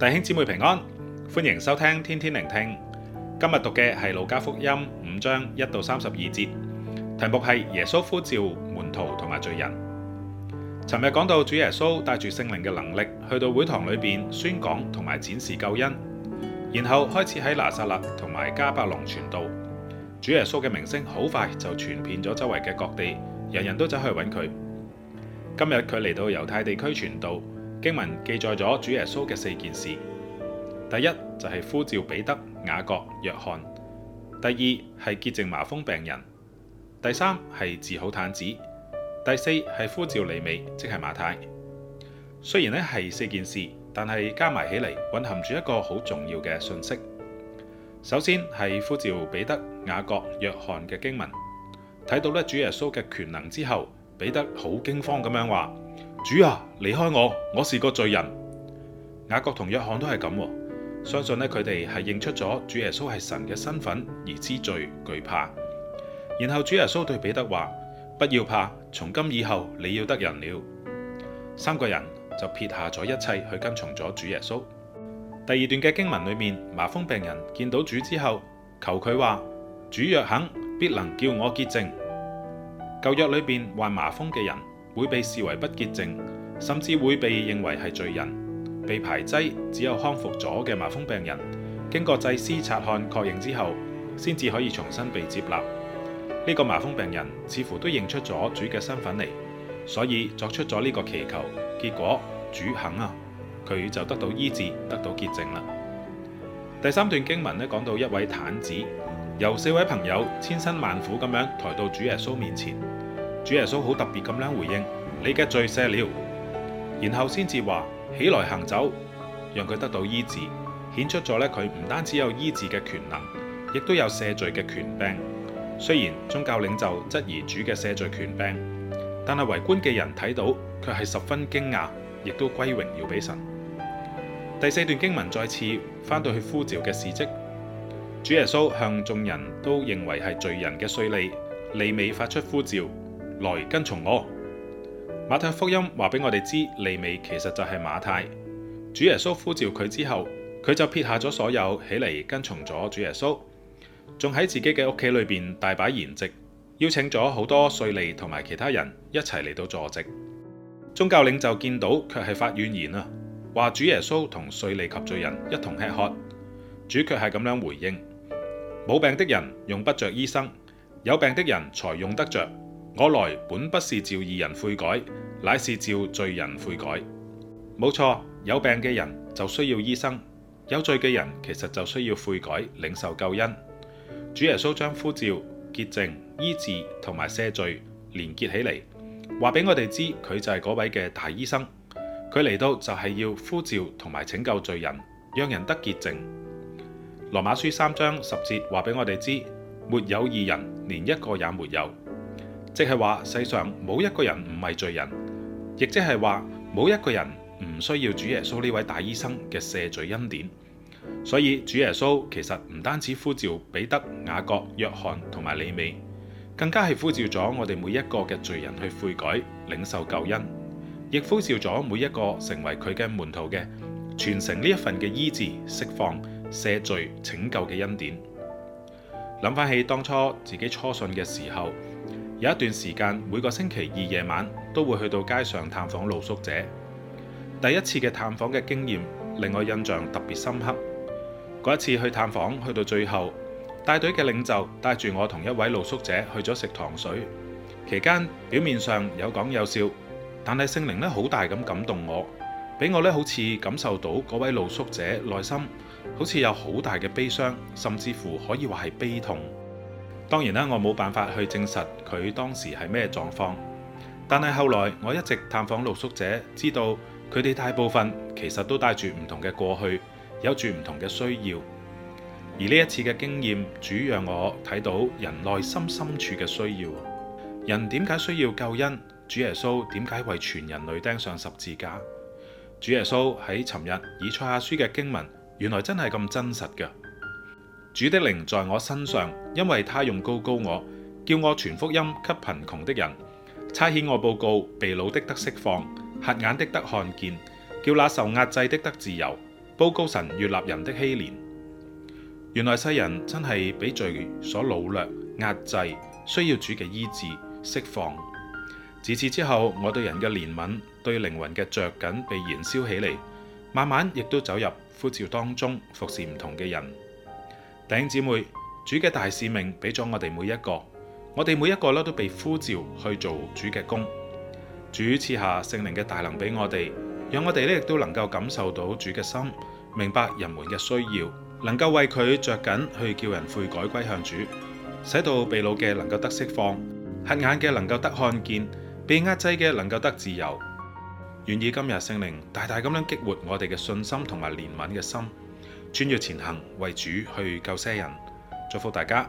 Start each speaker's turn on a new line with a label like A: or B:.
A: 弟兄姊妹平安，歡迎收聽天天靈聽。今日讀嘅係《路加福音》五章一到三十二節，題目係耶穌呼召門徒同埋罪人。尋日講到主耶穌帶住聖靈嘅能力去到會堂裏邊宣講同埋展示救恩，然後開始喺拿撒勒同埋迦百農傳道。主耶穌嘅名聲好快就傳遍咗周圍嘅各地，人人都走去揾佢。今日佢嚟到猶太地區傳道。經文記載咗主耶穌嘅四件事，第一就係、是、呼召彼得、雅各、約翰，第二係潔淨麻風病人，第三係治好癱子，第四係呼召利未，即係馬太。雖然呢係四件事，但係加埋起嚟，蘊含住一個好重要嘅信息。首先係呼召彼得、雅各、約翰嘅經文，睇到咧主耶穌嘅權能之後，彼得好驚慌咁樣話。主啊，離開我，我是個罪人。雅各同約翰都係咁、啊，相信呢，佢哋係認出咗主耶穌係神嘅身份而知罪懼怕。然後主耶穌對彼得話：不要怕，從今以後你要得人了。三個人就撇下咗一切去跟從咗主耶穌。第二段嘅經文裏面，麻風病人見到主之後，求佢話：主若肯，必能叫我潔淨。舊約裏邊患麻風嘅人。會被視為不潔淨，甚至會被認為係罪人，被排擠。只有康復咗嘅麻風病人，經過祭司察看確認之後，先至可以重新被接納。呢個麻風病人似乎都認出咗主嘅身份嚟，所以作出咗呢個祈求。結果主肯啊，佢就得到醫治，得到潔淨啦。第三段經文呢，講到一位癱子，由四位朋友千辛萬苦咁樣抬到主耶穌面前。主耶穌好特別咁樣回應你嘅罪赦了，然後先至話起來行走，讓佢得到醫治，顯出咗呢佢唔單止有醫治嘅權能，亦都有赦罪嘅權柄。雖然宗教領袖質疑主嘅赦罪權柄，但係圍觀嘅人睇到卻係十分驚訝，亦都歸榮耀俾神。第四段經文再次返到去呼召嘅事跡，主耶穌向眾人都認為係罪人嘅稅吏，利未發出呼召。來跟從我。馬太福音話俾我哋知，利未其實就係馬太。主耶穌呼召佢之後，佢就撇下咗所有起嚟跟從咗主耶穌，仲喺自己嘅屋企裏邊大擺筵席，邀請咗好多稅吏同埋其他人一齊嚟到坐席。宗教領袖見到卻係發怨言啊，話主耶穌同稅吏及罪人一同吃喝，主卻係咁樣回應：冇病的人用不着醫生，有病的人才用得着。我來本不是召義人悔改，乃是召罪人悔改。冇錯，有病嘅人就需要醫生，有罪嘅人其實就需要悔改，領受救恩。主耶穌將呼召、潔淨、醫治同埋赦罪連結起嚟，話俾我哋知佢就係嗰位嘅大醫生。佢嚟到就係要呼召同埋拯救罪人，讓人得潔淨。羅馬書三章十節話俾我哋知，沒有義人，連一個也沒有。即係話，世上冇一個人唔係罪人，亦即係話冇一個人唔需要主耶穌呢位大醫生嘅赦罪恩典。所以主耶穌其實唔單止呼召彼得、雅各、約翰同埋利未，更加係呼召咗我哋每一個嘅罪人去悔改、領受救恩，亦呼召咗每一個成為佢嘅門徒嘅，傳承呢一份嘅醫治、釋放、赦罪、拯救嘅恩典。諗翻起當初自己初信嘅時候。有一段時間，每個星期二夜晚都會去到街上探訪露宿者。第一次嘅探訪嘅經驗令我印象特別深刻。嗰一次去探訪，去到最後，帶隊嘅領袖帶住我同一位露宿者去咗食糖水。期間表面上有講有笑，但係聖靈咧好大咁感動我，俾我咧好似感受到嗰位露宿者內心好似有好大嘅悲傷，甚至乎可以話係悲痛。當然啦，我冇辦法去證實佢當時係咩狀況，但係後來我一直探訪露宿者，知道佢哋大部分其實都帶住唔同嘅過去，有住唔同嘅需要。而呢一次嘅經驗，主讓我睇到人內心深處嘅需要。人點解需要救恩？主耶穌點解為全人類釘上十字架？主耶穌喺尋日以賽亞書嘅經文，原來真係咁真實㗎。主的靈在我身上，因為他用膏膏我，叫我傳福音給貧窮的人，差遣我報告被擄的得釋放，瞎眼的得看見，叫那受壓制的得自由。報告神悅納人的禧年。原來世人真係俾罪所擄掠、壓制，需要主嘅醫治、釋放。自此之後，我對人嘅憐憫、對靈魂嘅着緊被燃燒起嚟，慢慢亦都走入呼召當中，服侍唔同嘅人。弟兄姊妹，主嘅大使命俾咗我哋每一個，我哋每一個咧都被呼召去做主嘅工。主賜下聖靈嘅大能俾我哋，讓我哋咧亦都能夠感受到主嘅心，明白人們嘅需要，能夠為佢着緊去叫人悔改歸向主，使到被擄嘅能夠得釋放，瞎眼嘅能夠得看見，被壓制嘅能夠得自由。願意今日聖靈大大咁樣激活我哋嘅信心同埋憐憫嘅心。穿越前行，為主去救些人，祝福大家。